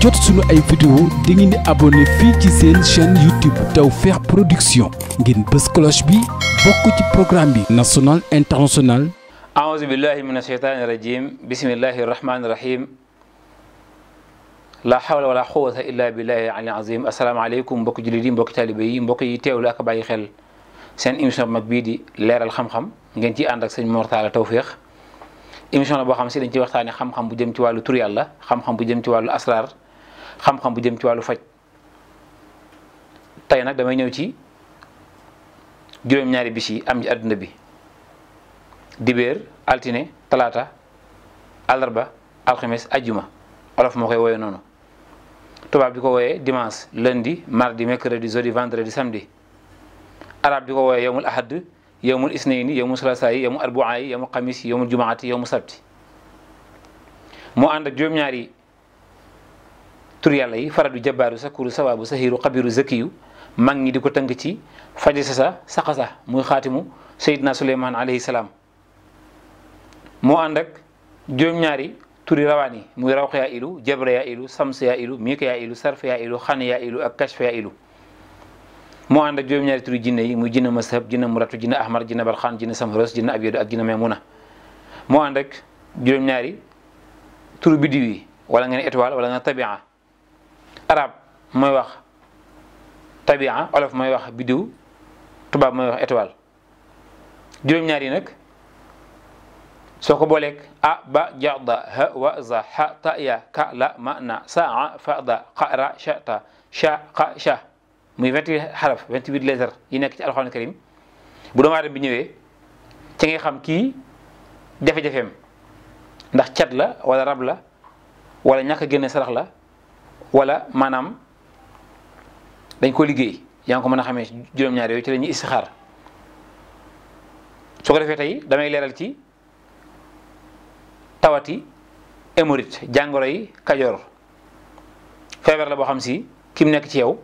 jot suñu ay vidéo da ngeen di abonné fii ci seen chaîne YouTube Tawfekh Production ngeen bës cloche bi bokk ci programme bi national international aouzu billahi min asheytaani rajim bismillahi rahmaani rahim la hawla wala quwwata illa billahi al azim asalaamaaleykum mbokki jullit yi mbokki taalibe yi mbokk yi teewlu ak bàyyi xel seen émission bu mag bii di leeral xam-xam ngeen ciy ànd sëñ Mor Talla Tawfekh émission boo xam si dañ ci waxtaane xam-xam bu jëm ci wàllu tur la xam-xam bu jëm ci wàllu asrar xam-xam bu jëm ci wàllu faj tey nag damay ñëw ci juróom-ñaari am ci bi dibéer altine talaata àllarba alxames ajuma olof moo koy woyee noonu tubaab di ko woyee dimanche lundi mardi mercredi jeudi vendredi samedi arab di ko woyee yowmul ahad yowmul isnayni yowmul salasa yi yowmul arbua yi yowmul jumaati yowmul sabti moo ànd juróom-ñaari tur yàlla yi faradu jabaaru sakuru sawaabu sahiru xabiru zakiyu mag ñi di ko tënk ci faj sa saxasa muy xaatimu sayidna suleymaan alayhi salaam moo ànd ak juróom-ñaari turi rawaan yi muy rawq yaa ilu jabra yaa ilu sams yaa ilu miika yaa ilu sarf yaa ilu xan yaa ilu ak kashf yaa ilu moo ànd ak juróom-ñaari turi muy jinne mashab jinne muratu jinne ahmar jinne barxaan jinne samros jinne abyadu ak jinne memuna moo ànd ak juróom biddiw yi wala nga ne étoile wala nga tabia arab mooy wax tabia olof mooy wax biddiw tubaab mooy wax étoile juróom-ñaar yi nag soo ko booleeg a ba ja da ha wa za ha ta ka la ma na sa a fa da xa ra sha ta sha xa sha muy 28 xaraf yi nekk ci alxuraan karim bu doomu aadama bi ñëwee ci ngay xam kii jafe-jafeem ndax cat la wala rab la wala ñàkk a génne sarax la wala maanaam dañ ko liggéey yaa ko mën a xamee juróom-ñaar yooyu ci la ñuy istixaar su ko defee tey damay leeral ci tawati émorite jàngoro yi kajoor feebar la boo xam si ki nekk ci yow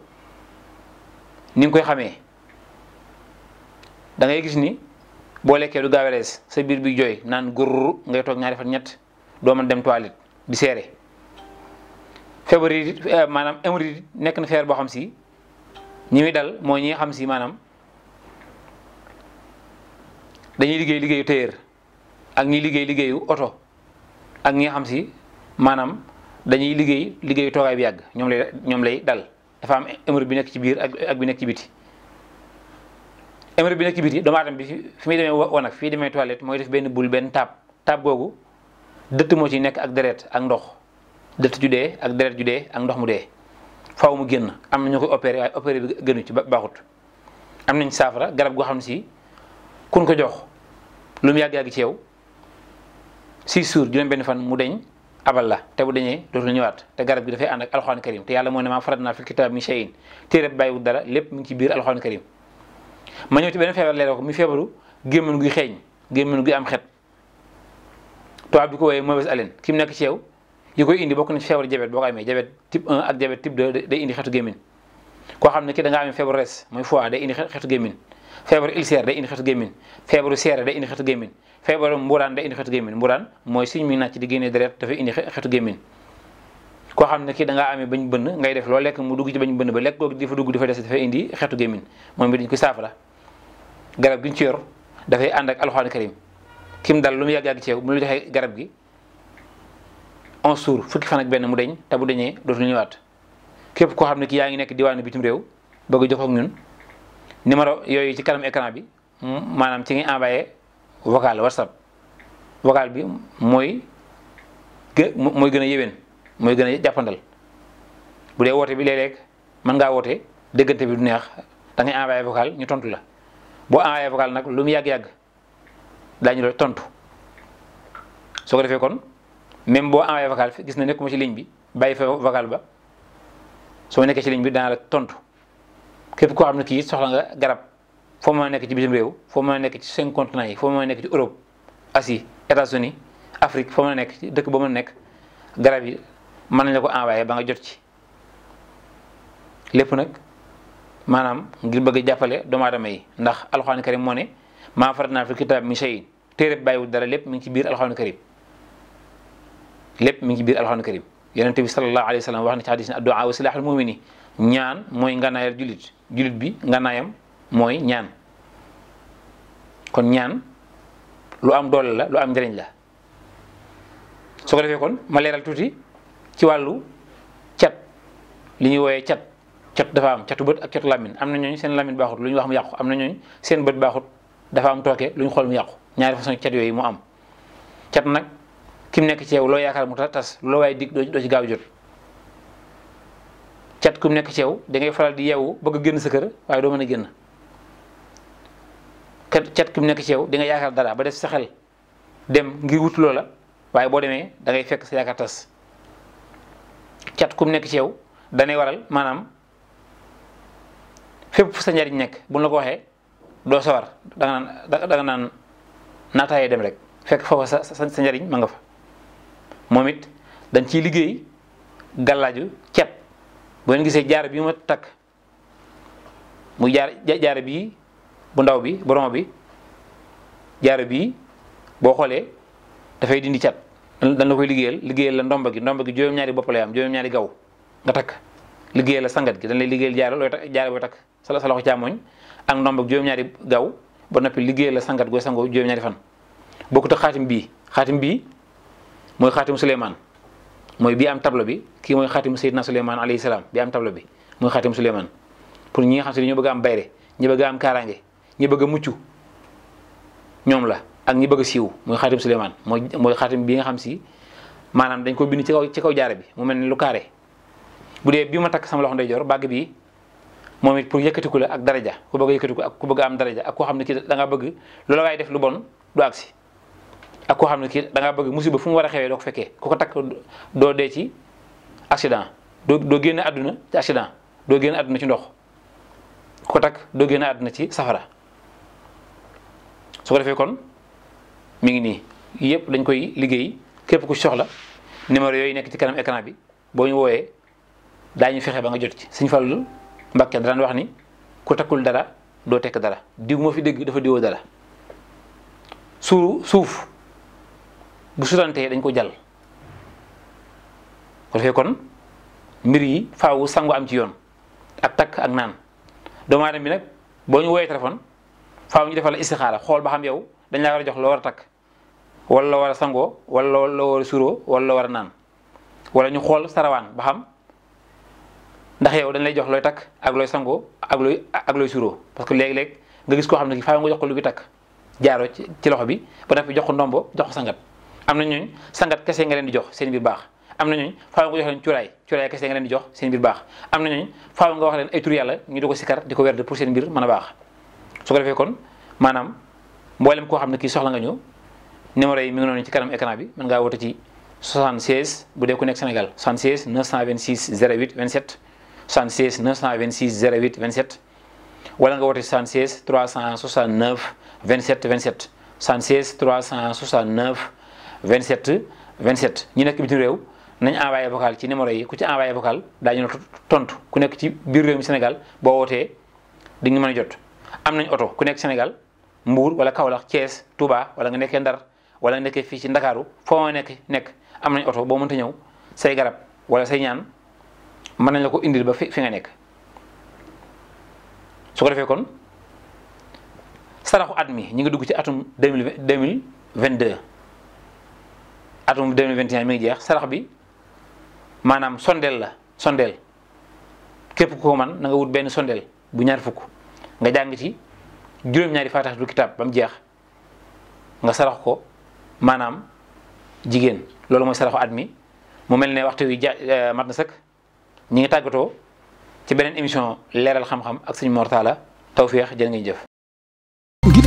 ni nga koy xamee da ngay gis ni boo lekkee du gaaw sa biir bi jooy naan gurr ngay toog ñaari fan ñett doo mën dem toilette di seere février euh, maanaam hémorroïde nekk na feebar boo xam si ñi muy dal moo ñi xam si maanaam dañuy liggéey liggéeyu téyeer ak ñi liggéey liggéeyu oto ak ñi xam si maanaam dañuy liggéey liggéeyu toogaay bi yàgg ñoom lay ñoom lay dal dafa am hémorroïde bi nekk ci biir ak ak bi nekk ci biti. hémorroïde bi nekk ci biti doomu aadama bi fi muy demee fii demee toilette mooy def benn bul benn taab taab googu dëtt moo ci nekk ak deret ak ndox. dëtt ju dee ak deret ju dee ak ndox mu dee faw mu génn am na ñu koy opéré waaye opéré bi gënu ci baaxut am nañ saafara garab goo xam ne si kun ko jox lu mu yàgg-yàgg si yow six jours juróom benn fan mu deñ abal la te bu dañee dootul ñëwaat te garab gi dafay ànd ak alxuraan karim te yàlla moo ne maa farat naa fi kitaab mi shayin téere bàyyiwul dara lépp mu ngi ci biir alxuraan karim ma ñëw ci benn feebar leeral ko mi feebaru gémmiñ guy xeeñ gémmiñ guy am xet tubaab bi ko wooyee mauvaise ki mu nekk ci li koy indi bokk na ci feebar jabet boo ko amee jabet type 1 ak jabet type koo xam ne ki da nga amee feebar res mooy foie day indi xeetu gémmin feebaru ulcère day indi xeetu feebaru seere day indi xeetu gémmin feebaru mburaan day indi xeetu gémmin mburaan mooy suñ muy nàcc di génnee deret dafay indi xeetu gémmin koo xam ne kii da ngaa amee bañ bënn ngay def loo lekk mu dugg ci bañ bënn ba lekk googu di fa dugg di fa des dafay indi xeetu gémmin moom bi dañ ko saafara garab gi ñu ci yor dafay ànd ak alxuraan karim kim dal lu mu yàgg-yàgg ci yow mu la joxee garab gi 11 jours fukki fan benn mu deñ te bu deñee dootul ñëwaat képp koo xam ne ki yaa ngi nekk diwaanu bitim réew bëgg a jox ak ñun numéro yooyu ci kanam écran bi maanaam ci ngay envoyé vocal whatsapp vocal bi mooy gë mooy gën a yéwén mooy gën a jàppandal bu dee woote bi léeg-léeg mën ngaa woote déggante bi du neex da ngay envoyé vocal ñu tontu la bo envoyé vocal nag lu mu yàgg daañu la tontu soo ko defee kon. même boo envoyé vocal fi gis na nekkuma ci ligne bi bàyyi fa vocal ba soo nekkee ci ligne bi dana la tontu képp koo xam ne kii soxla nga garab foo mën nekk ci bitim réew foo mën nekk ci cinq continents yi foo mën a nekk ci Europe Asie États-Unis Afrique foo mën nekk ci dëkk boo mën nekk garab yi mën nañ la ko envoyé ba nga jot ci lépp nag maanaam ngir bëgg jàppale doomu aadama yi ndax alxuraan karim moo ne maa farat naa fi kitaab mi shay téere bàyyiwul dara lépp mi ngi ci biir alxuraan karim lépp mi ngi biir alxuraan karim yonente bi sallallahu alayhi wa sallam wax na ci hadis ne addu'a wa ni ñaan mooy nganaayal julit julit bi nganaayam mooy ñaan kon ñaan lu am doole la lu am njëriñ la soo ko defee kon ma leeral tuuti ci wàllu cat li ñuy wooyee cat cat dafa am catu bët ak catu làmmiñ am na ñooñu seen làmmiñ baaxut lu ñu wax mu yàqu am na ñooñu seen bët baaxut dafa am tooke lu ñu xool mu yàqu ñaari façon cat yooyu mu am cat nag ki mu nekk ci yow loo mu tas loo waaye dig doo ci gaaw jot cat ku mu nekk ci yow da ngay faral di yeewu bëgg a génn sa kër waaye doo mën a génn kat cat ku mu nekk ci yow di yaakaar dara ba def sa xel dem ngir wut loola waaye boo demee da ngay fekk sa cat ku mu nekk ci danay waral maanaam fépp fu sa njariñ nekk bu la ko waxee doo sawar da nga naan da dem rek fekk foofa sa sa njariñ ma nga fa moom it dañ ciy liggéey gàllaaju ceeb boo leen gisee jaar bi ma takk muy jaar jaar bii bu ndaw bi borom bi jaar bi boo xoolee dafay dindi cat dañ la koy liggéeyal liggéeyal la ndomba gi ndomba gi juróom-ñaari bopp la am juróom-ñaari gaw nga takk liggéeyal la sangat gi dañ lay liggéeyal jaaro looy takk jaar booy takk sala sa loxo càmmoñ ak ndomba ak juróom-ñaari gaw ba noppi liggéeyal la sangat goo sangoo juróom-ñaari fan bokkut ak xaatim bii xaatim bii mooy xaatimu Souleymane mooy bi am tableau bi kii mooy xaatimu Seydina Souleymane alayhi salaam bi am tableau bi mooy xaatimu Souleymane pour ñi nga xam si ne ñoo bëgg am bayre ñi bëgg am kaaraange ñi bëgg a mucc ñoom la ak ñi bëgg a siiw mooy xaatimu Souleymane mooy mooy xaatim bi nga xam si maanaam dañ ko bind ci ci kaw jaare bi mu mel ni lu carré bu dee bi ma takk sama loxo ndeyjoor bàgg bi moom it pour yëkkatiku la ak daraja ku bëgg yëkkatiku ak ku bëgg am daraja ak koo xam ne kii da nga bëgg loola waaye def lu bon du agsi ak koo xam ne kii danga ngaa bëgg musiba fu mu war a xewee doo ko fekkee ku ko takk doo dee ci accident doo doo génn àdduna ci accident doo génn àdduna ci ndox ku ko takk doo génn àdduna ci safara soo ko defee kon mi ngi nii yëpp dañ koy liggéey képp ku soxla numéro yooyu nekk ci kanam écran bi boo ñu wooyee daañu fexe ba nga jot ci Sëñ Fallu Mbàkke daan wax ni ku takkul dara doo tekk dara diw moo fi dégg dafa diwoo dara suuru suuf bu sutantee dañ ko jal ko fekkoon kon mbir yi faawu sangu am ci yoon ak takk ak naan doomu bi nag boo ñu woowee téléphone faaw ñu defal la xool ba xam yow dañ laa a jox loo a takk wala loo war sangoo wala loo suroo wala loo war a naan wala ñu xool sarawaan ba xam ndax yow dañ lay jox looy takk ak looy sangoo ak looy ak looy suroo parce que léeg-léeg nga gis koo xam ne faaw nga jox ko lu bi takk jaaro ci loxo bi ba def jox ko ndombo jox ko sangat am na ñooñ sangat kese nga leen di jox seen biir baax am na ñooñ faaw nga jox leen jox seen biir baax am na ñooñ faaw nga wax leen ay tur yàlla ñu di ko sikar di ko werd pour seen biir mën baax su ko defee kon maanaam mboolem koo xam ne kii soxla nga ñu numéro yi mi ngi noonu ci kanam écran bi mën ngaa woote ci 76 bu dee ku nekk Sénégal 76 926 08 27 76 926 08 27 wala nga woote ci 76 369 27 27 76 369 vingt 27 27 ñi nekk bitim réew nañ envoyé vocal ci numéro yi ku ci envoyé vocal daañu la tontu ku nekk ci biir réew mi Sénégal boo wootee di nga mën a jot am nañ oto ku nekk Sénégal mbuur wala kawlax Thiès Touba wala nga nekkee Ndar wala nga nekkee fii ci Ndakaaru foo ma nekk nekk am nañ oto boo mënta ñëw say garab wala say ñaan mën nañ la ko indil ba fi nga nekk su ko defee kon saraxu at mi ñu ngi dugg ci atum 2022 atum 2021 mi ngi jeex sarax bi maanaam sondeel la sondeel képp ku ko man na nga wut benn sondeel bu ñaar fukk nga jàng ci juróom-ñaari faatax du kitaab ba mu jeex nga sarax ko maanaam jigéen loolu mooy saraxu at mi mu mel ne waxtu wi ja euh, mat sëkk ñi ngi tàggatoo ci beneen émission leeral xam-xam ak suñu Mor Talla tawféex jërë ngeen jëf